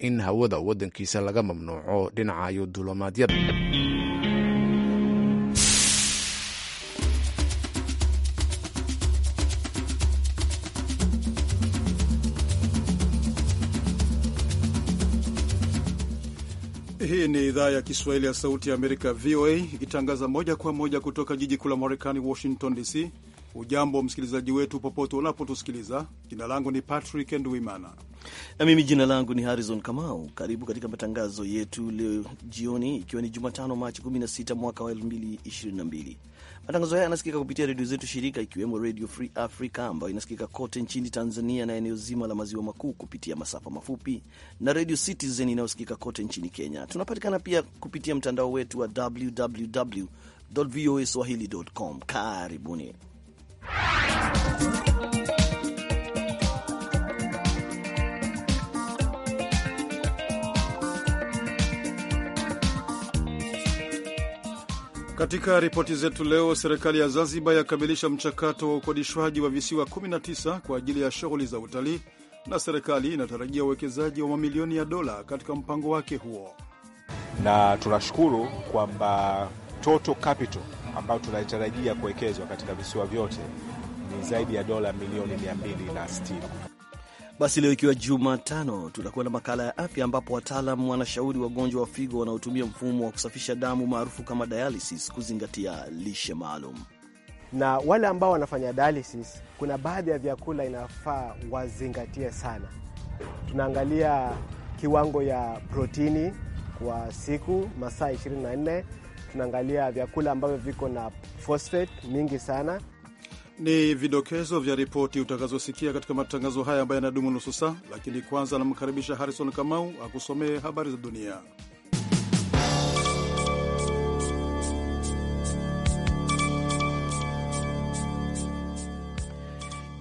in hawada waddankiisa laga mamnuuco dhinacayo duulimaadyada Hii ni idhaa ya Kiswahili ya Sauti ya Amerika, VOA, ikitangaza moja kwa moja kutoka jiji kuu la Marekani, Washington DC. Ujambo msikilizaji wetu, popote unapotusikiliza. Jina langu ni Patrick Nduimana na mimi jina langu ni Harrison Kamau. Karibu katika matangazo yetu leo jioni, ikiwa ni Jumatano Machi 16 mwaka wa 2022. Matangazo haya yanasikika kupitia redio zetu shirika, ikiwemo Redio Free Africa ambayo inasikika kote nchini Tanzania na eneo zima la maziwa makuu kupitia masafa mafupi na Redio Citizen inayosikika kote nchini Kenya. Tunapatikana pia kupitia mtandao wetu wa www voa swahili.com. Karibuni Katika ripoti zetu leo, serikali ya Zanzibar yakamilisha mchakato wa ukodishwaji wa visiwa 19 kwa ajili ya shughuli za utalii, na serikali inatarajia uwekezaji wa mamilioni ya dola katika mpango wake huo. Na tunashukuru kwamba total capital ambayo tunaitarajia kuwekezwa katika visiwa vyote ni zaidi ya dola milioni 260. Basi leo ikiwa Jumatano, tutakuwa na makala ya afya, ambapo wataalam wanashauri wagonjwa wa figo wanaotumia mfumo wa kusafisha damu maarufu kama dialysis kuzingatia lishe maalum, na wale ambao wanafanya dialysis, kuna baadhi ya vyakula inafaa wazingatie sana. Tunaangalia kiwango ya protini kwa siku, masaa 24. Tunaangalia vyakula ambavyo viko na phosphate mingi sana ni vidokezo vya ripoti utakazosikia katika matangazo haya ambayo yanadumu nusu saa, lakini kwanza anamkaribisha Harrison Kamau akusomee habari za dunia.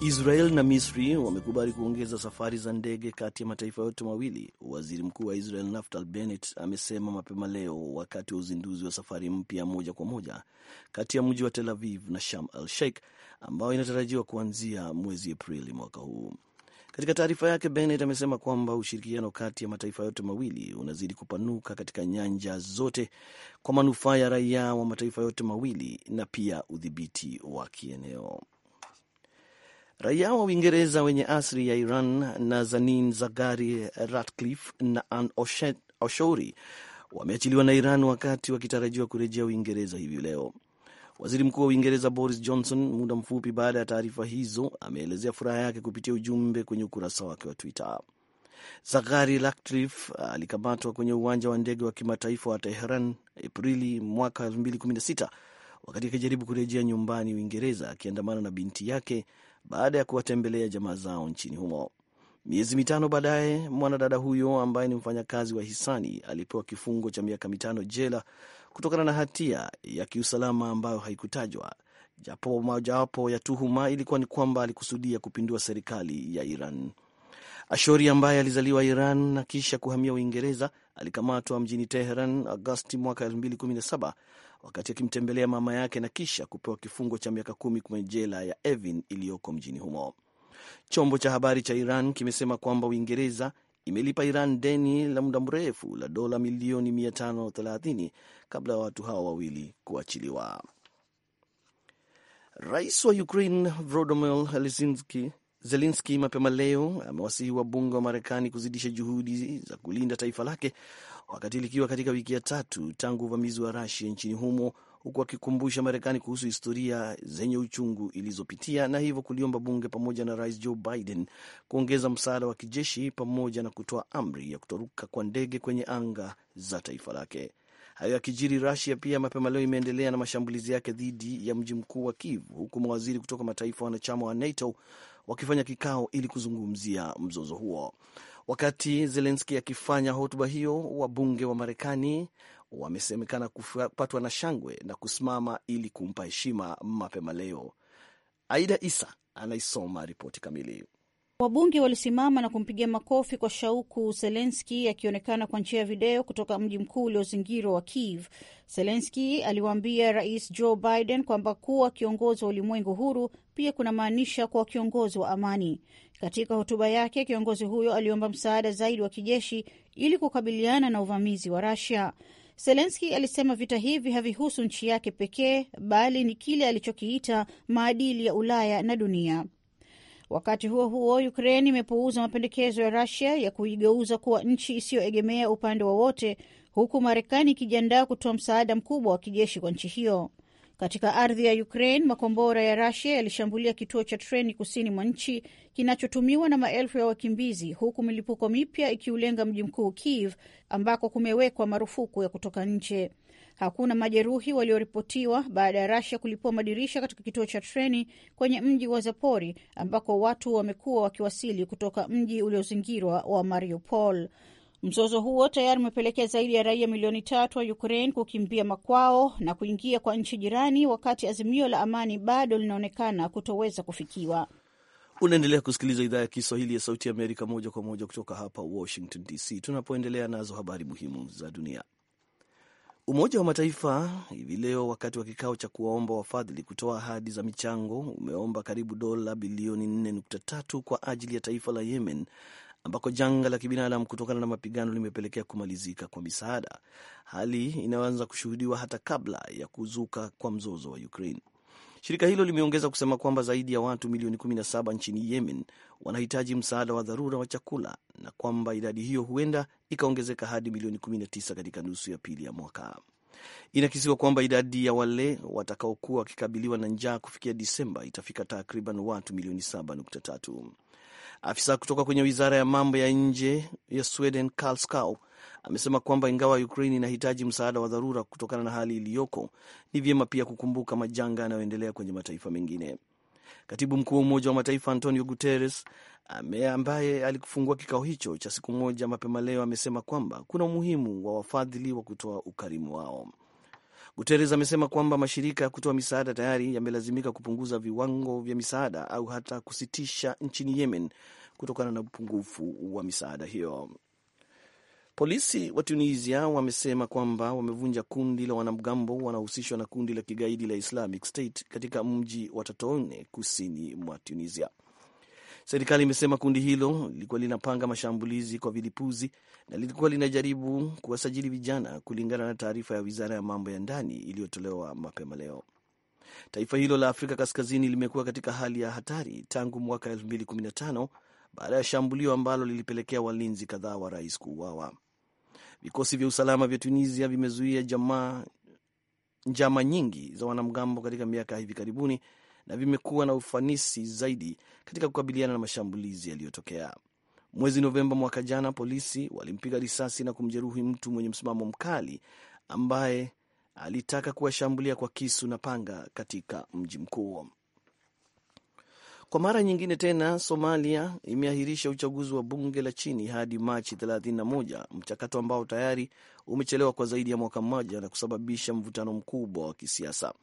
Israel na Misri wamekubali kuongeza safari za ndege kati ya mataifa yote mawili, waziri mkuu wa Israel Naftali Bennett amesema mapema leo wakati wa uzinduzi wa safari mpya moja kwa moja kati ya mji wa Tel Aviv na Sharm el Sheikh ambayo inatarajiwa kuanzia mwezi Aprili mwaka huu. Katika taarifa yake, Bennett amesema kwamba ushirikiano kati ya mataifa yote mawili unazidi kupanuka katika nyanja zote kwa manufaa ya raia wa mataifa yote mawili na pia udhibiti wa kieneo. Raia wa Uingereza wenye asili ya Iran na Zanin Zaghari Ratcliffe na Ann Oshori wameachiliwa na Iran wakati wakitarajiwa kurejea Uingereza hivi leo. Waziri Mkuu wa Uingereza Boris Johnson, muda mfupi baada ya taarifa hizo, ameelezea furaha yake kupitia ujumbe kwenye ukurasa wake wa Twitter. Zaghari Ratcliffe alikamatwa kwenye uwanja wa ndege wa kimataifa wa Teheran Aprili mwaka 2016 wakati akijaribu kurejea nyumbani Uingereza akiandamana na binti yake baada ya kuwatembelea jamaa zao nchini humo. Miezi mitano baadaye, mwanadada huyo ambaye ni mfanyakazi wa hisani alipewa kifungo cha miaka mitano jela kutokana na hatia ya kiusalama ambayo haikutajwa, japo mojawapo ya tuhuma ilikuwa ni kwamba alikusudia kupindua serikali ya Iran. Ashori ambaye alizaliwa Iran na kisha kuhamia Uingereza alikamatwa mjini Teheran Agosti mwaka wakati akimtembelea mama yake na kisha kupewa kifungo cha miaka kumi kwenye jela ya Evin iliyoko mjini humo. Chombo cha habari cha Iran kimesema kwamba Uingereza imelipa Iran deni la muda mrefu la dola milioni 530 kabla ya watu hao wawili kuachiliwa. Rais wa Ukraine Volodymyr Zelenski mapema leo amewasihi wabunge wa Marekani kuzidisha juhudi za kulinda taifa lake wakati likiwa katika wiki ya tatu tangu uvamizi wa rasia nchini humo, huku akikumbusha Marekani kuhusu historia zenye uchungu ilizopitia na hivyo kuliomba bunge pamoja na Rais Joe Biden kuongeza msaada wa kijeshi pamoja na kutoa amri ya kutoruka kwa ndege kwenye anga za taifa lake. Hayo yakijiri, Rasia pia mapema leo imeendelea na mashambulizi yake dhidi ya mji mkuu wa Kiev, huku mawaziri kutoka mataifa wanachama wa NATO wakifanya kikao ili kuzungumzia mzozo huo. Wakati Zelenski akifanya hotuba hiyo, wabunge wa Marekani wamesemekana kupatwa na shangwe na kusimama ili kumpa heshima mapema leo. Aida Isa anaisoma ripoti kamili. Wabunge walisimama na kumpigia makofi kwa shauku Zelenski akionekana kwa njia ya video kutoka mji mkuu uliozingirwa wa Kiev. Zelenski aliwaambia Rais Joe Biden kwamba kuwa kiongozi wa ulimwengu huru pia kunamaanisha kuwa kiongozi wa amani. Katika hotuba yake, kiongozi huyo aliomba msaada zaidi wa kijeshi ili kukabiliana na uvamizi wa Rusia. Zelenski alisema vita hivi havihusu nchi yake pekee, bali ni kile alichokiita maadili ya Ulaya na dunia. Wakati huo huo, Ukraine imepuuza mapendekezo ya Rusia ya kuigeuza kuwa nchi isiyoegemea upande wowote, huku Marekani ikijiandaa kutoa msaada mkubwa wa kijeshi kwa nchi hiyo. Katika ardhi ya Ukraine, makombora ya Rusia yalishambulia kituo cha treni kusini mwa nchi kinachotumiwa na maelfu ya wakimbizi, huku milipuko mipya ikiulenga mji mkuu Kiev, ambako kumewekwa marufuku ya kutoka nje. Hakuna majeruhi walioripotiwa baada ya rasia kulipua madirisha katika kituo cha treni kwenye mji wa Zapori ambako watu wamekuwa wakiwasili kutoka mji uliozingirwa wa Mariupol. Mzozo huo tayari umepelekea zaidi ya raia milioni tatu wa Ukraine kukimbia makwao na kuingia kwa nchi jirani, wakati azimio la amani bado linaonekana kutoweza kufikiwa. Unaendelea kusikiliza idhaa ya Kiswahili ya Sauti ya Amerika moja kwa moja kutoka hapa Washington DC, tunapoendelea nazo habari muhimu za dunia. Umoja wa Mataifa hivi leo wakati wa kikao cha kuwaomba wafadhili kutoa ahadi za michango umeomba karibu dola bilioni 4.3 kwa ajili ya taifa la Yemen ambako janga la kibinadamu kutokana na mapigano limepelekea kumalizika kwa misaada, hali inayoanza kushuhudiwa hata kabla ya kuzuka kwa mzozo wa Ukraine. Shirika hilo limeongeza kusema kwamba zaidi ya watu milioni 17 nchini Yemen wanahitaji msaada wa dharura wa chakula na kwamba idadi hiyo huenda ikaongezeka hadi milioni 19 katika nusu ya pili ya mwaka. Inakisiwa kwamba idadi ya wale watakaokuwa wakikabiliwa na njaa kufikia Disemba itafika takriban watu milioni 7.3. Afisa kutoka kwenye wizara ya mambo ya nje ya Sweden Karl Skow amesema kwamba ingawa Ukraine inahitaji msaada wa dharura kutokana na hali iliyoko, ni vyema pia kukumbuka majanga yanayoendelea kwenye mataifa mengine. Katibu mkuu wa Umoja wa Mataifa Antonio Guterres ame ambaye alikufungua kikao hicho cha siku moja mapema leo amesema kwamba kuna umuhimu wa wafadhili wa kutoa ukarimu wao. Guterres amesema kwamba mashirika ya kutoa misaada tayari yamelazimika kupunguza viwango vya misaada au hata kusitisha nchini Yemen kutokana na upungufu wa misaada hiyo. Polisi wa Tunisia wamesema kwamba wamevunja kundi la wanamgambo wanaohusishwa na kundi la kigaidi la Islamic State katika mji wa Tatone kusini mwa Tunisia. Serikali imesema kundi hilo lilikuwa linapanga mashambulizi kwa vilipuzi na lilikuwa linajaribu kuwasajili vijana, kulingana na taarifa ya wizara ya mambo ya ndani iliyotolewa mapema leo. Taifa hilo la Afrika Kaskazini limekuwa katika hali ya hatari tangu mwaka 2015 baada ya shambulio ambalo lilipelekea walinzi kadhaa wa rais kuuawa. Vikosi vya usalama vya Tunisia vimezuia jamaa njama nyingi za wanamgambo katika miaka ya hivi karibuni na vimekuwa na ufanisi zaidi katika kukabiliana na mashambulizi yaliyotokea. Mwezi Novemba mwaka jana, polisi walimpiga risasi na kumjeruhi mtu mwenye msimamo mkali ambaye alitaka kuwashambulia kwa kisu na panga katika mji mkuu. Kwa mara nyingine tena, Somalia imeahirisha uchaguzi wa bunge la chini hadi Machi 31, mchakato ambao tayari umechelewa kwa zaidi ya mwaka mmoja na kusababisha mvutano mkubwa wa kisiasa.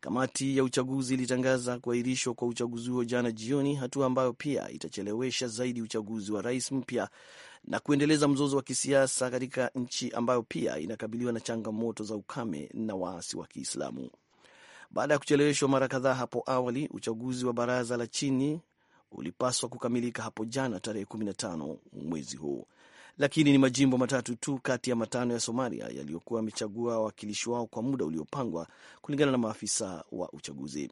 Kamati ya uchaguzi ilitangaza kuahirishwa kwa uchaguzi huo jana jioni, hatua ambayo pia itachelewesha zaidi uchaguzi wa rais mpya na kuendeleza mzozo wa kisiasa katika nchi ambayo pia inakabiliwa na changamoto za ukame na waasi wa Kiislamu. Baada ya kucheleweshwa mara kadhaa hapo awali, uchaguzi wa baraza la chini ulipaswa kukamilika hapo jana tarehe 15 mwezi huu, lakini ni majimbo matatu tu kati ya matano ya Somalia yaliyokuwa yamechagua wawakilishi wao kwa muda uliopangwa, kulingana na maafisa wa uchaguzi.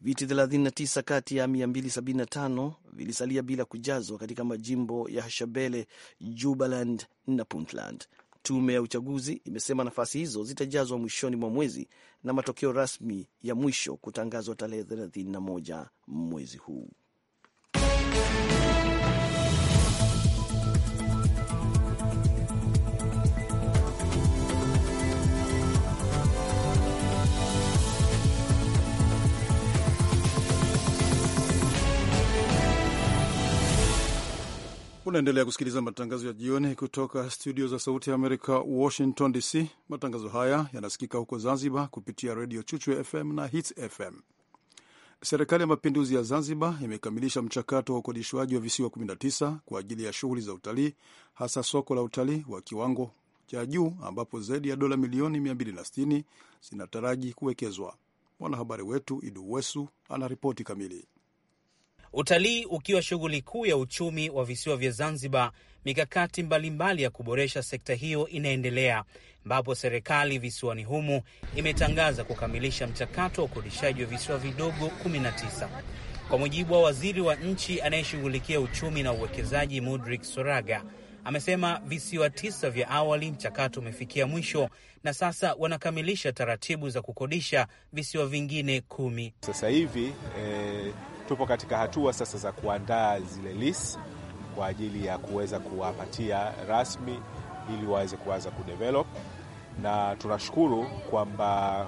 Viti 39 kati ya 275 vilisalia bila kujazwa katika majimbo ya Shabele, Jubaland na Puntland. Tume ya uchaguzi imesema nafasi hizo zitajazwa mwishoni mwa mwezi na matokeo rasmi ya mwisho kutangazwa tarehe 31 mwezi huu. Unaendelea kusikiliza matangazo ya jioni kutoka studio za Sauti ya Amerika, Washington DC. Matangazo haya yanasikika huko Zanzibar kupitia redio Chuchu FM na Hits FM. Serikali ya Mapinduzi ya Zanzibar imekamilisha mchakato wa ukodishwaji wa visiwa 19 kwa ajili ya shughuli za utalii, hasa soko la utalii wa kiwango cha juu, ambapo zaidi ya dola milioni 260 zinataraji kuwekezwa. Mwanahabari wetu Idu Wesu anaripoti kamili. Utalii ukiwa shughuli kuu ya uchumi wa visiwa vya Zanzibar, mikakati mbalimbali ya kuboresha sekta hiyo inaendelea, ambapo serikali visiwani humu imetangaza kukamilisha mchakato wa ukodishaji wa visiwa vidogo 19. Kwa mujibu wa waziri wa nchi anayeshughulikia uchumi na uwekezaji, Mudrik Soraga amesema visiwa tisa vya awali mchakato umefikia mwisho na sasa wanakamilisha taratibu za kukodisha visiwa vingine kumi. Sasa hivi eh, tupo katika hatua sasa za kuandaa zile lis kwa ajili ya kuweza kuwapatia rasmi ili waweze kuanza kudevelop, na tunashukuru kwamba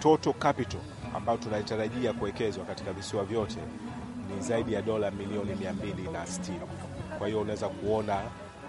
total capital ambayo tunaitarajia kuwekezwa katika visiwa vyote ni zaidi ya dola milioni 260. Kwa hiyo unaweza kuona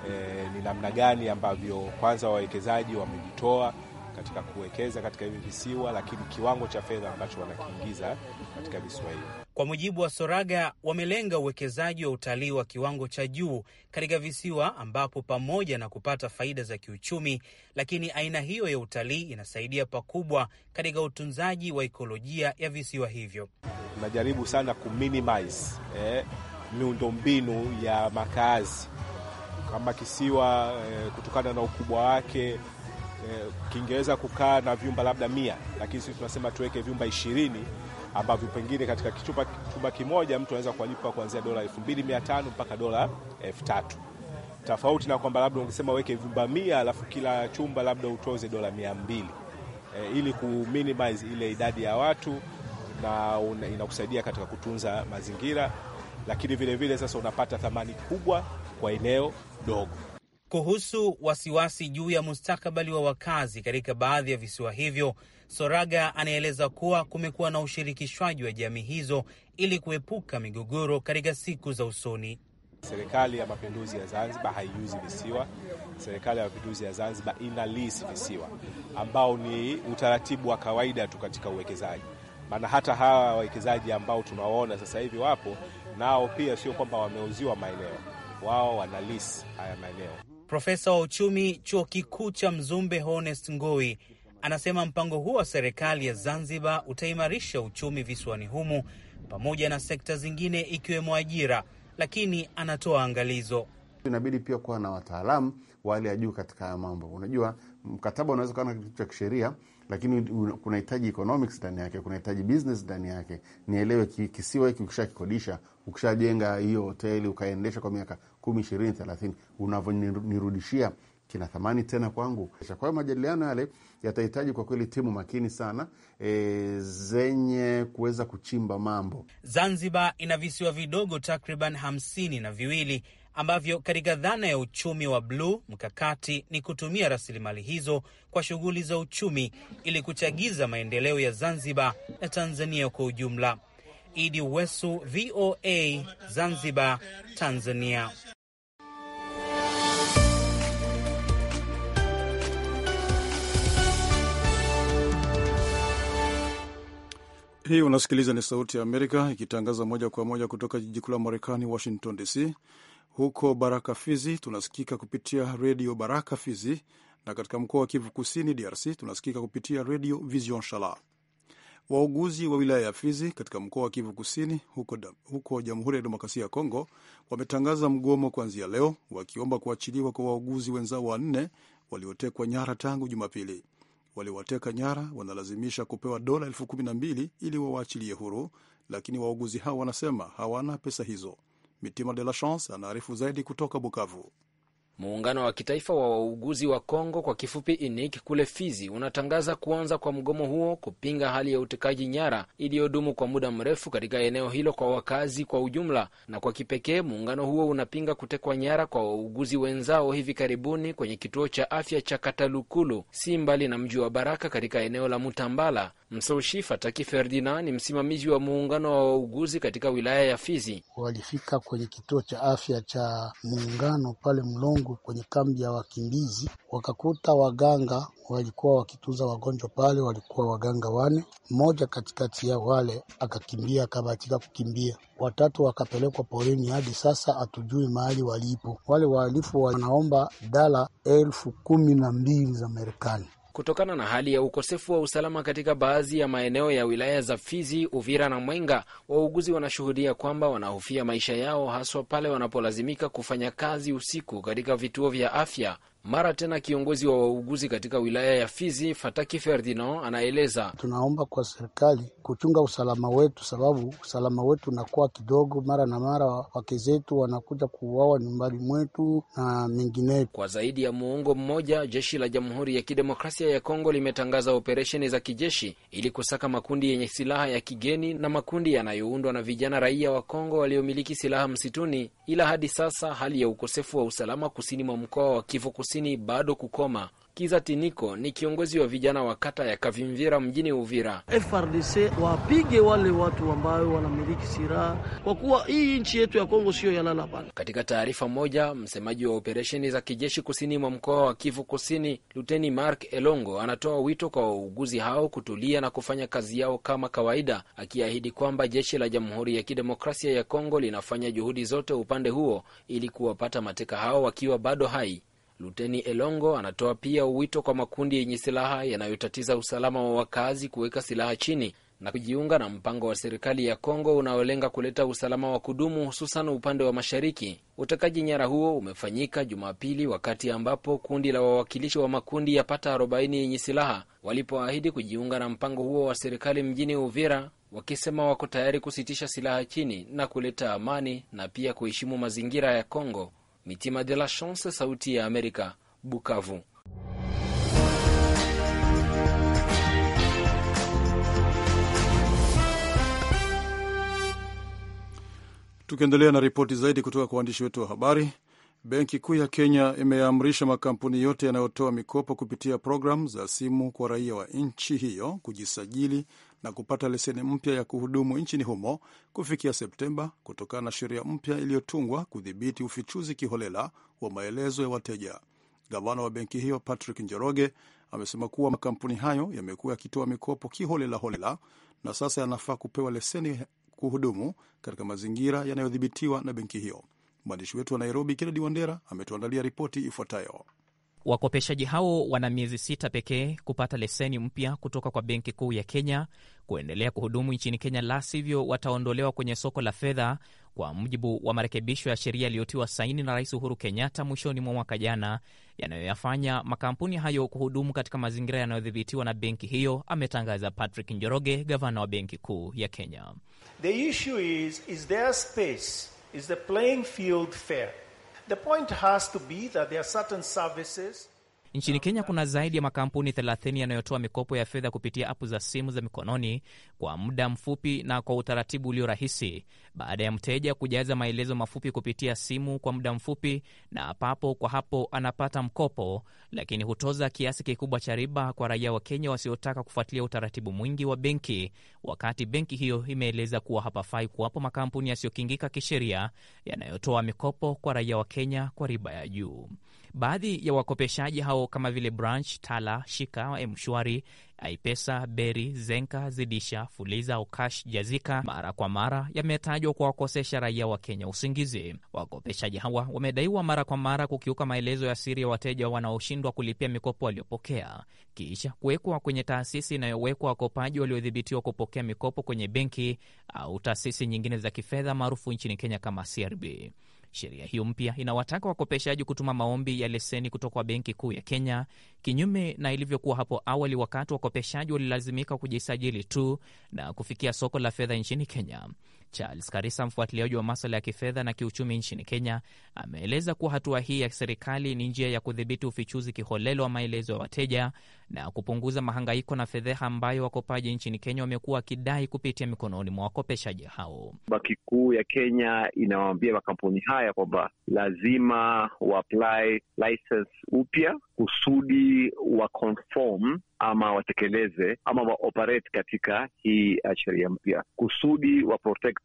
e, ni namna gani ambavyo kwanza wawekezaji wamejitoa katika kuwekeza katika hivi visiwa, lakini kiwango cha fedha ambacho wanakiingiza katika visiwa hivyo. Kwa mujibu wa Soraga, wamelenga uwekezaji wa utalii wa kiwango cha juu katika visiwa ambapo pamoja na kupata faida za kiuchumi, lakini aina hiyo ya utalii inasaidia pakubwa katika utunzaji wa ikolojia ya visiwa hivyo. Tunajaribu sana kuminimize eh, miundombinu ya makazi kama kisiwa eh, kutokana na ukubwa wake eh, kingeweza kukaa na vyumba labda mia, lakini sisi tunasema tuweke vyumba ishirini ambavyo pengine katika kichupa, chumba kimoja mtu anaweza kuwalipa kuanzia dola 2500 mpaka dola 3000 tofauti na kwamba labda ungesema weke vyumba mia alafu kila chumba labda utoze dola mia mbili e, ili kuminimize ile idadi ya watu na inakusaidia katika kutunza mazingira, lakini vilevile vile sasa unapata thamani kubwa kwa eneo dogo kuhusu wasiwasi juu ya mustakabali wa wakazi katika baadhi ya visiwa hivyo. Soraga anaeleza kuwa kumekuwa na ushirikishwaji wa jamii hizo ili kuepuka migogoro katika siku za usoni. Serikali ya Mapinduzi ya Zanzibar haiuzi visiwa. Serikali ya Mapinduzi ya Zanzibar ina lisi visiwa, ambao ni utaratibu wa kawaida tu katika uwekezaji. Maana hata hawa wawekezaji ambao tunawaona sasa hivi wapo nao, pia sio kwamba wameuziwa maeneo, wao wana lisi haya maeneo. Profesa wa uchumi chuo kikuu cha Mzumbe Honest Ngoi anasema mpango huo wa serikali ya Zanzibar utaimarisha uchumi visiwani humu pamoja na sekta zingine ikiwemo ajira, lakini anatoa angalizo. Inabidi pia kuwa na wataalamu wa hali ya juu katika haya mambo. Unajua, mkataba unaweza kuwa na kitu cha kisheria, lakini kunahitaji economics ndani yake, kunahitaji business ndani yake. Nielewe kisiwa hiki ukishakikodisha, ukishajenga hiyo hoteli ukaendesha kwa miaka, kumi, ishirini, thelathini, unavyonirudishia kina thamani tena kwangu. Kwa hiyo majadiliano yale yatahitaji kwa kweli timu makini sana, e, zenye kuweza kuchimba mambo. Zanzibar ina visiwa vidogo takriban hamsini na viwili ambavyo katika dhana ya uchumi wa bluu mkakati ni kutumia rasilimali hizo kwa shughuli za uchumi ili kuchagiza maendeleo ya Zanzibar na Tanzania kwa ujumla. Idi Wesu, VOA, Zanzibar, Tanzania. Hii unasikiliza ni Sauti ya Amerika ikitangaza moja kwa moja kutoka jiji kuu la Marekani, Washington DC. Huko Baraka Fizi tunasikika kupitia Redio Baraka Fizi, na katika mkoa wa Kivu Kusini, DRC, tunasikika kupitia Redio Vision Shala. Wauguzi wa wilaya ya Fizi katika mkoa wa Kivu Kusini huko, huko Jamhuri ya Demokrasia ya Kongo wametangaza mgomo kuanzia leo, wakiomba kuachiliwa kwa wauguzi wenzao wanne waliotekwa nyara tangu Jumapili waliowateka nyara wanalazimisha kupewa dola elfu kumi na mbili ili wawaachilie huru, lakini wauguzi hao wanasema hawana pesa hizo. Mitima de la Chance anaarifu zaidi kutoka Bukavu. Muungano wa kitaifa wa wauguzi wa Kongo kwa kifupi inic kule Fizi unatangaza kuanza kwa mgomo huo kupinga hali ya utekaji nyara iliyodumu kwa muda mrefu katika eneo hilo kwa wakazi kwa ujumla, na kwa kipekee muungano huo unapinga kutekwa nyara kwa wauguzi wenzao hivi karibuni kwenye kituo cha afya cha Katalukulu, si mbali na mji wa Baraka katika eneo la Mutambala. Msoshi Fataki Ferdinand ni msimamizi wa muungano wa wauguzi katika wilaya ya Fizi. Walifika kwenye kituo cha afya cha muungano pale Mlongo wangu kwenye kambi ya wakimbizi, wakakuta waganga walikuwa wakitunza wagonjwa pale, walikuwa waganga wane. Mmoja katikati ya wale akakimbia, akabahatika kukimbia, watatu wakapelekwa porini, hadi sasa hatujui mahali walipo. Wale wahalifu wanaomba dala elfu kumi na mbili za Marekani kutokana na hali ya ukosefu wa usalama katika baadhi ya maeneo ya wilaya za Fizi, Uvira na Mwenga, wauguzi wanashuhudia kwamba wanahofia maisha yao, haswa pale wanapolazimika kufanya kazi usiku katika vituo vya afya mara tena kiongozi wa wauguzi katika wilaya ya Fizi, Fataki Ferdinand, anaeleza: tunaomba kwa serikali kuchunga usalama wetu, sababu usalama wetu unakuwa kidogo. Mara na mara wake zetu wanakuja kuuawa nyumbani mwetu na mengineyo. Kwa zaidi ya muongo mmoja, jeshi la Jamhuri ya Kidemokrasia ya Kongo limetangaza operesheni za kijeshi ili kusaka makundi yenye silaha ya kigeni na makundi yanayoundwa na vijana raia wa Kongo waliomiliki silaha msituni, ila hadi sasa hali ya ukosefu wa usalama kusini mwa mkoa wa Kivu Kusini Kusini bado kukoma. Kiza Tiniko ni kiongozi wa vijana wa kata ya Kavimvira mjini Uvira. FRDC wapige wale watu ambayo wanamiliki silaha kwa kuwa hii nchi yetu ya Kongo siyo yalala pana. Katika taarifa moja, msemaji wa operesheni za kijeshi kusini mwa mkoa wa Kivu Kusini, Luteni Mark Elongo, anatoa wito kwa wauguzi hao kutulia na kufanya kazi yao kama kawaida, akiahidi kwamba jeshi la Jamhuri ya Kidemokrasia ya Kongo linafanya juhudi zote upande huo ili kuwapata mateka hao wakiwa bado hai. Luteni Elongo anatoa pia wito kwa makundi yenye silaha yanayotatiza usalama wa wakazi kuweka silaha chini na kujiunga na mpango wa serikali ya Kongo unaolenga kuleta usalama wa kudumu hususan upande wa mashariki. Utekaji nyara huo umefanyika Jumapili wakati ambapo kundi la wawakilishi wa makundi yapata 40 yenye silaha walipoahidi kujiunga na mpango huo wa serikali mjini Uvira, wakisema wako tayari kusitisha silaha chini na kuleta amani na pia kuheshimu mazingira ya Kongo. Mitima de la Chance, Sauti ya Amerika, Bukavu. Tukiendelea na ripoti zaidi kutoka kwa waandishi wetu wa habari. Benki Kuu ya Kenya imeamrisha makampuni yote yanayotoa mikopo kupitia programu za simu kwa raia wa nchi hiyo kujisajili na kupata leseni mpya ya kuhudumu nchini humo kufikia Septemba kutokana na sheria mpya iliyotungwa kudhibiti ufichuzi kiholela wa maelezo ya wateja. Gavana wa benki hiyo Patrick Njoroge amesema kuwa makampuni hayo yamekuwa yakitoa mikopo kiholela holela na sasa yanafaa kupewa leseni kuhudumu katika mazingira yanayodhibitiwa na benki hiyo. Mwandishi wetu wa Nairobi, Kennedy Wandera, ametuandalia ripoti ifuatayo. Wakopeshaji hao wana miezi sita pekee kupata leseni mpya kutoka kwa Benki Kuu ya Kenya kuendelea kuhudumu nchini Kenya, la sivyo wataondolewa kwenye soko la fedha, kwa mujibu wa marekebisho ya sheria yaliyotiwa saini na Rais Uhuru Kenyatta mwishoni mwa mwaka jana, yanayoyafanya makampuni hayo kuhudumu katika mazingira yanayodhibitiwa na benki hiyo, ametangaza Patrick Njoroge, gavana wa Benki Kuu ya Kenya. The issue is, is The point has to be that there are certain services Nchini Kenya kuna zaidi ya makampuni 30 yanayotoa mikopo ya fedha kupitia apu za simu za mikononi kwa muda mfupi na kwa utaratibu ulio rahisi, baada ya mteja kujaza maelezo mafupi kupitia simu kwa muda mfupi, na papo kwa hapo anapata mkopo, lakini hutoza kiasi kikubwa cha riba kwa raia wa Kenya wasiotaka kufuatilia utaratibu mwingi wa benki, wakati benki hiyo imeeleza kuwa hapafai kuwapo makampuni yasiyokingika kisheria yanayotoa mikopo kwa raia wa Kenya kwa riba ya juu. Baadhi ya wakopeshaji hao kama vile Branch, Tala, Shika, Mshwari, Aipesa, Beri, Zenka, Zidisha, Fuliza, Ukash, Jazika mara kwa mara yametajwa kwa wakosesha raia wa Kenya usingizi. Wakopeshaji hawa wamedaiwa mara kwa mara kukiuka maelezo ya siri ya wateja wanaoshindwa kulipia mikopo waliopokea, kisha kuwekwa kwenye taasisi inayowekwa wakopaji waliodhibitiwa kupokea mikopo kwenye benki au taasisi nyingine za kifedha maarufu nchini Kenya kama CRB. Sheria hiyo mpya inawataka wakopeshaji kutuma maombi ya leseni kutoka Benki Kuu ya Kenya, kinyume na ilivyokuwa hapo awali, wakati wakopeshaji walilazimika kujisajili tu na kufikia soko la fedha nchini Kenya. Charles Karisa, mfuatiliaji wa maswala ya kifedha na kiuchumi nchini Kenya, ameeleza kuwa hatua hii ya serikali ni njia ya kudhibiti ufichuzi kiholelo wa maelezo ya wateja na kupunguza mahangaiko na fedheha ambayo wakopaji nchini Kenya wamekuwa wakidai kupitia mikononi mwa wakopeshaji hao. Benki Kuu ya Kenya inawaambia makampuni haya kwamba lazima waapply license upya kusudi wa conform ama watekeleze ama waoperate katika hii uh, sheria mpya kusudi wa protect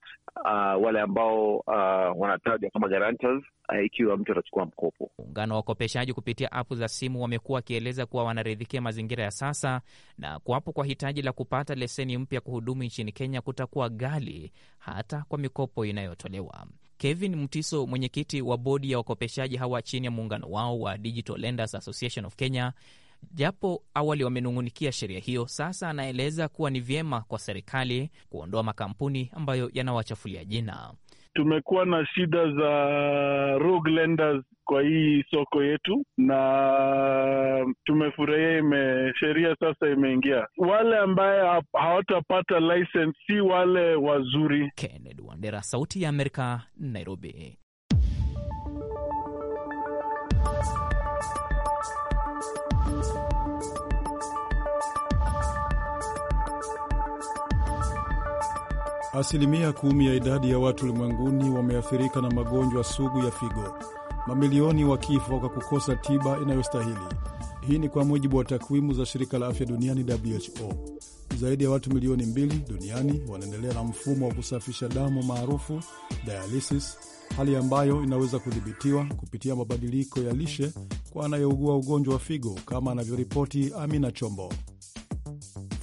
uh, wale ambao uh, wanatajwa kama guarantors uh, ikiwa mtu atachukua mkopo. Muungano wa wakopeshaji kupitia apu za simu wamekuwa wakieleza kuwa wanaridhikia mazingira ya sasa na kuwapo kwa hitaji la kupata leseni mpya kuhudumu nchini Kenya kutakuwa ghali hata kwa mikopo inayotolewa. Kevin Mtiso, mwenyekiti wa bodi ya wakopeshaji hawa chini ya muungano wao wa Digital Lenders Association of Kenya Japo awali wamenung'unikia sheria hiyo, sasa anaeleza kuwa ni vyema kwa serikali kuondoa makampuni ambayo yanawachafulia jina. Tumekuwa na shida za rogue lenders kwa hii soko yetu, na tumefurahia ime sheria sasa imeingia. Wale ambaye hawatapata license si wale wazuri. Kennedy Wandera, Sauti ya Amerika, Nairobi. Asilimia kumi ya idadi ya watu ulimwenguni wameathirika na magonjwa sugu ya figo, mamilioni wakifa kwa kukosa tiba inayostahili. Hii ni kwa mujibu wa takwimu za shirika la afya duniani WHO. Zaidi ya watu milioni mbili duniani wanaendelea na mfumo wa kusafisha damu maarufu dialysis, hali ambayo inaweza kudhibitiwa kupitia mabadiliko ya lishe kwa anayeugua ugonjwa wa figo, kama anavyoripoti Amina Chombo.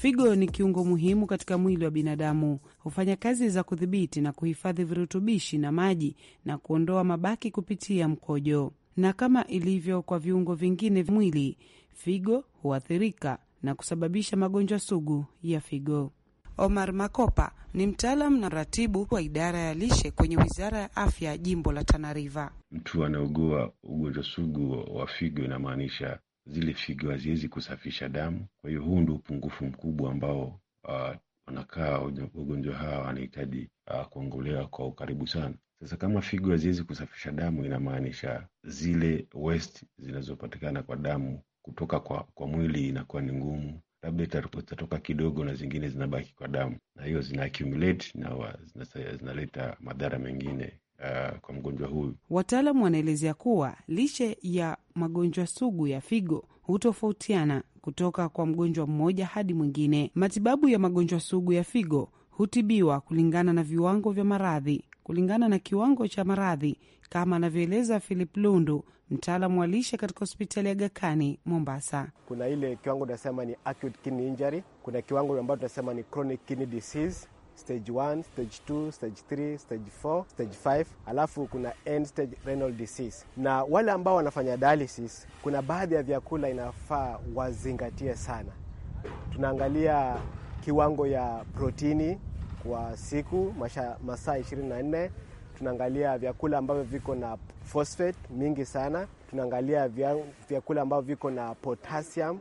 Figo ni kiungo muhimu katika mwili wa binadamu. Hufanya kazi za kudhibiti na kuhifadhi virutubishi na maji na kuondoa mabaki kupitia mkojo. Na kama ilivyo kwa viungo vingine vya mwili, figo huathirika na kusababisha magonjwa sugu ya figo. Omar Makopa ni mtaalam na ratibu wa idara ya lishe kwenye Wizara ya Afya jimbo la Tanariva. Mtu anaugua ugonjwa sugu wa figo, inamaanisha zile figo haziwezi kusafisha damu. Kwa hiyo huu ndio upungufu mkubwa ambao uh, wanakaa wagonjwa hawa wanahitaji uh, kuongolewa kwa ukaribu sana. Sasa kama figo haziwezi kusafisha damu, inamaanisha zile waste zinazopatikana kwa damu kutoka kwa, kwa mwili inakuwa ni ngumu, labda itatoka kidogo na zingine zinabaki kwa damu, na hiyo zina accumulate na zinaleta madhara mengine uh, kwa mgonjwa huyu. Wataalamu wanaelezea kuwa lishe ya magonjwa sugu ya figo hutofautiana kutoka kwa mgonjwa mmoja hadi mwingine. Matibabu ya magonjwa sugu ya figo hutibiwa kulingana na viwango vya maradhi, kulingana na kiwango cha maradhi, kama anavyoeleza Philip Lundu, mtaalamu wa lishe katika hospitali ya Gakani Mombasa. Kuna ile kiwango tunasema ni acute kidney injury, kuna kiwango ambayo tunasema ni chronic kidney disease stage 1, stage 2, stage 3, stage 4, stage 5, alafu kuna end stage renal disease. Na wale ambao wanafanya dialysis, kuna baadhi ya vyakula inafaa wazingatie sana. Tunaangalia kiwango ya protini kwa siku masaa 24. Tunaangalia vyakula ambavyo viko na phosphate mingi sana. Tunaangalia vyakula ambavyo viko na potassium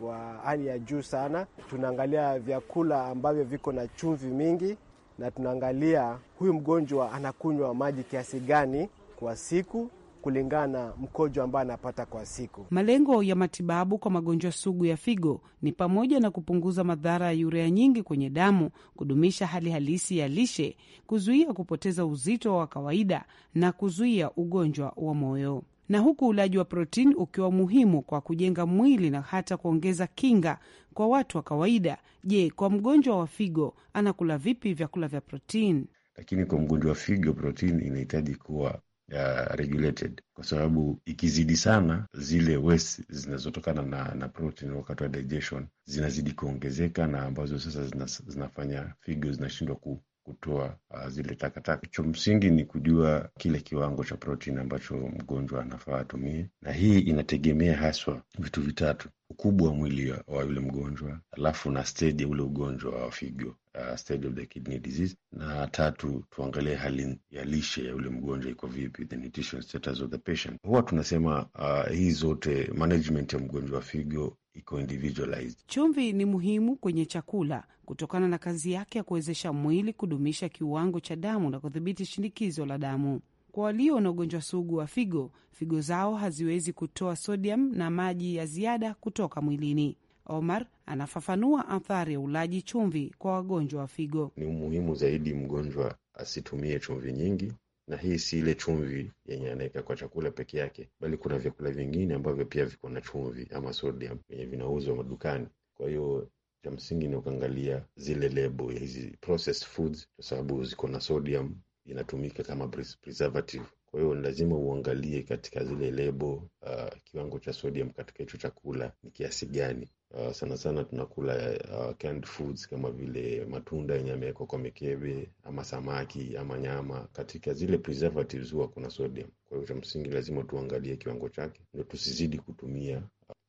kwa hali ya juu sana. Tunaangalia vyakula ambavyo viko na chumvi mingi, na tunaangalia huyu mgonjwa anakunywa maji kiasi gani kwa siku kulingana na mkojo ambaye anapata kwa siku. Malengo ya matibabu kwa magonjwa sugu ya figo ni pamoja na kupunguza madhara ya urea nyingi kwenye damu, kudumisha hali halisi ya lishe, kuzuia kupoteza uzito wa kawaida na kuzuia ugonjwa wa moyo na huku ulaji wa protini ukiwa muhimu kwa kujenga mwili na hata kuongeza kinga kwa watu wa kawaida. Je, kwa mgonjwa wa figo anakula vipi vyakula vya protini? Lakini kwa mgonjwa wa figo protini inahitaji kuwa Uh, regulated kwa sababu ikizidi sana zile waste zinazotokana na, na protein wakati wa digestion zinazidi kuongezeka na ambazo sasa zina, zinafanya figo zinashindwa ku, kutoa uh, zile takataka. cho msingi ni kujua kile kiwango cha protini ambacho mgonjwa anafaa atumie, na hii inategemea haswa vitu vitatu: ukubwa wa mwili wa yule mgonjwa, alafu na stage ya ule ugonjwa wa figo, uh, stage of the kidney disease, na tatu tuangalie hali ya lishe ya ule mgonjwa iko vipi, the nutrition status of the patient. Huwa tunasema uh, hii zote management ya mgonjwa wa figo iko individualized. Chumvi ni muhimu kwenye chakula kutokana na kazi yake ya kuwezesha mwili kudumisha kiwango cha damu na kudhibiti shinikizo la damu. Kwa walio na ugonjwa sugu wa figo, figo zao haziwezi kutoa sodium na maji ya ziada kutoka mwilini. Omar anafafanua athari ya ulaji chumvi kwa wagonjwa wa figo. Ni umuhimu zaidi mgonjwa asitumie chumvi nyingi na hii si ile chumvi yenye anaweka kwa chakula peke yake, bali kuna vyakula vingine ambavyo pia viko na chumvi ama sodium venye vinauzwa madukani. Kwa hiyo cha msingi ni ukaangalia zile lebo ya hizi processed foods, kwa sababu ziko na sodium, inatumika kama preservative. Kwa hiyo ni lazima uangalie katika zile lebo uh, kiwango cha sodium katika hicho chakula ni kiasi gani. Uh, sana sana tunakula uh, canned foods kama vile matunda yenye yamewekwa kwa mikebe ama samaki ama nyama. Katika zile preservatives huwa kuna sodium, kwa hiyo cha msingi lazima tuangalie kiwango chake, ndio tusizidi kutumia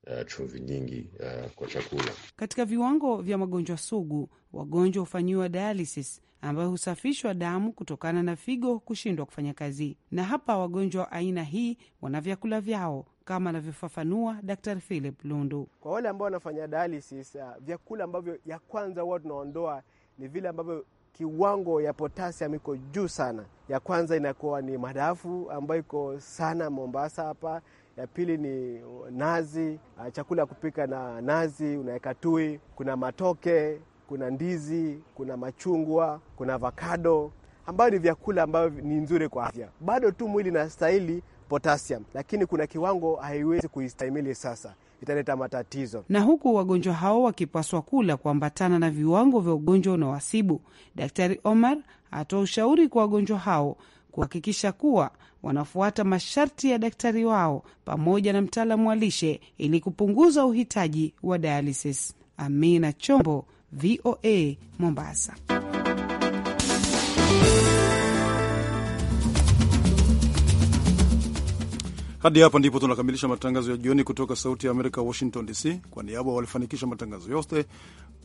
Uh, chumvi nyingi uh, kwa chakula. Katika viwango vya magonjwa sugu, wagonjwa hufanyiwa dialysis ambayo husafishwa damu kutokana na figo kushindwa kufanya kazi. Na hapa wagonjwa wa aina hii wana vyakula vyao kama anavyofafanua dr Philip Lundu. Kwa wale ambao wanafanya dialysis, uh, vyakula ambavyo ya kwanza huwa tunaondoa ni vile ambavyo kiwango ya potasiamu iko juu sana. Ya kwanza inakuwa ni madafu ambayo iko sana Mombasa hapa. Ya pili ni nazi, uh, chakula ya kupika na nazi, unaweka tui. Kuna matoke, kuna ndizi, kuna machungwa, kuna avocado ambayo ni vyakula ambavyo ni nzuri kwa afya. Bado tu mwili inastahili potassium, lakini kuna kiwango haiwezi kuistahimili sasa italeta matatizo. Na huku wagonjwa hao wakipaswa kula kuambatana na viwango vya ugonjwa unaowasibu, Daktari Omar atoa ushauri kwa wagonjwa hao kuhakikisha kuwa wanafuata masharti ya daktari wao pamoja na mtaalamu wa lishe ili kupunguza uhitaji wa dialysis. Amina Chombo, VOA Mombasa. Hadi hapa ndipo tunakamilisha matangazo ya jioni kutoka Sauti ya Amerika, Washington DC. Kwa niaba walifanikisha matangazo yote,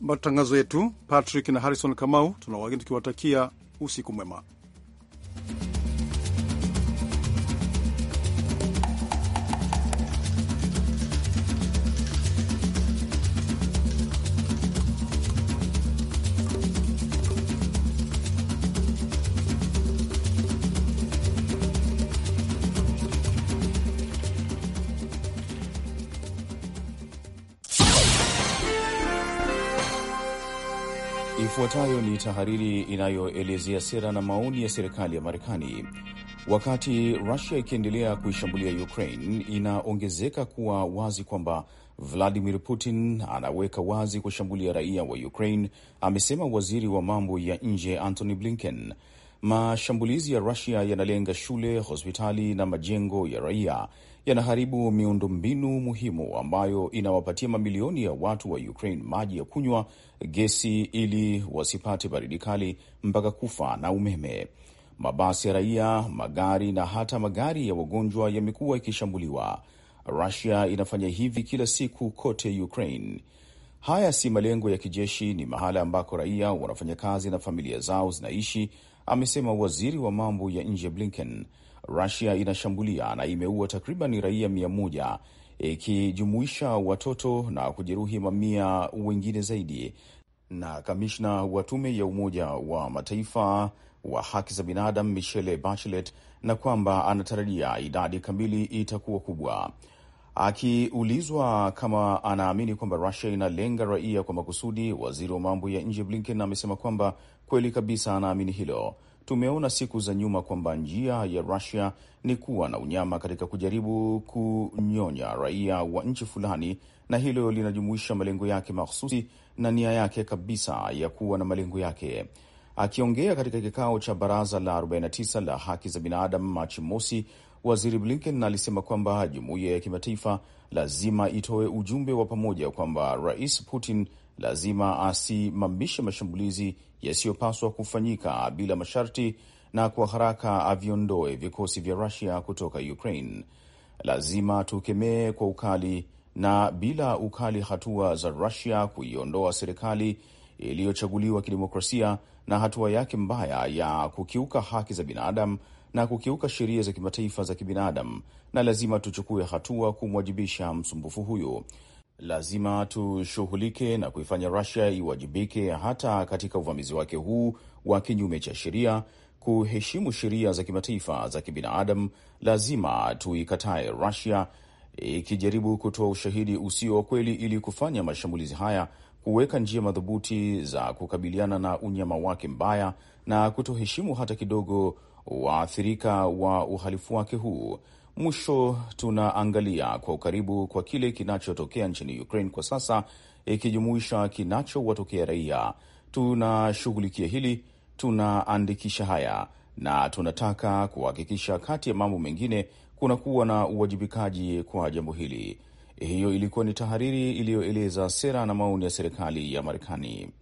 matangazo yetu, Patrick na Harrison Kamau, tunawageni tukiwatakia usiku mwema. Ifuatayo ni tahariri inayoelezea sera na maoni ya serikali ya Marekani. Wakati Rusia ikiendelea kuishambulia Ukraine, inaongezeka kuwa wazi kwamba Vladimir Putin anaweka wazi kushambulia raia wa Ukraine, amesema waziri wa mambo ya nje Antony Blinken. Mashambulizi ya Rusia yanalenga shule, hospitali na majengo ya raia yanaharibu miundombinu muhimu ambayo inawapatia mamilioni ya watu wa Ukraine maji ya kunywa, gesi ili wasipate baridi kali mpaka kufa, na umeme. Mabasi ya raia, magari na hata magari ya wagonjwa yamekuwa ikishambuliwa. Rusia inafanya hivi kila siku kote Ukraine. Haya si malengo ya kijeshi, ni mahala ambako raia wanafanya kazi na familia zao zinaishi, amesema waziri wa mambo ya nje Blinken. Rusia inashambulia na imeua takriban raia mia moja ikijumuisha watoto na kujeruhi mamia wengine zaidi. Na kamishna wa tume ya Umoja wa Mataifa wa haki za binadamu Michelle Bachelet na kwamba anatarajia idadi kamili itakuwa kubwa. Akiulizwa kama anaamini kwamba Rusia inalenga raia kwa makusudi, waziri wa mambo ya nje Blinken amesema kwamba kweli kabisa anaamini hilo. Tumeona siku za nyuma kwamba njia ya Rusia ni kuwa na unyama katika kujaribu kunyonya raia wa nchi fulani, na hilo linajumuisha malengo yake mahususi na nia yake kabisa ya kuwa na malengo yake. Akiongea katika kikao cha baraza la 49 la haki za binadamu Machi mosi, Waziri Blinken alisema kwamba jumuiya ya kimataifa lazima itoe ujumbe wa pamoja kwamba Rais Putin lazima asimamishe mashambulizi yasiyopaswa kufanyika bila masharti na kwa haraka aviondoe vikosi vya Rusia kutoka Ukraine. Lazima tukemee kwa ukali na bila ukali hatua za Rusia kuiondoa serikali iliyochaguliwa kidemokrasia na hatua yake mbaya ya kukiuka haki za binadamu na kukiuka sheria za kimataifa za kibinadamu, na lazima tuchukue hatua kumwajibisha msumbufu huyo Lazima tushughulike na kuifanya rasia iwajibike hata katika uvamizi wake huu wa kinyume cha sheria. Kuheshimu sheria za kimataifa za kibinadamu, lazima tuikatae rasia ikijaribu kutoa ushahidi usio wa kweli ili kufanya mashambulizi haya, kuweka njia madhubuti za kukabiliana na unyama wake mbaya na kutoheshimu hata kidogo waathirika wa uhalifu wake huu. Mwisho tunaangalia kwa ukaribu kwa kile kinachotokea nchini Ukraine kwa sasa, ikijumuisha kinachowatokea raia. Tunashughulikia hili, tunaandikisha haya na tunataka kuhakikisha, kati ya mambo mengine, kunakuwa na uwajibikaji kwa jambo hili. Hiyo ilikuwa ni tahariri iliyoeleza sera na maoni ya serikali ya Marekani.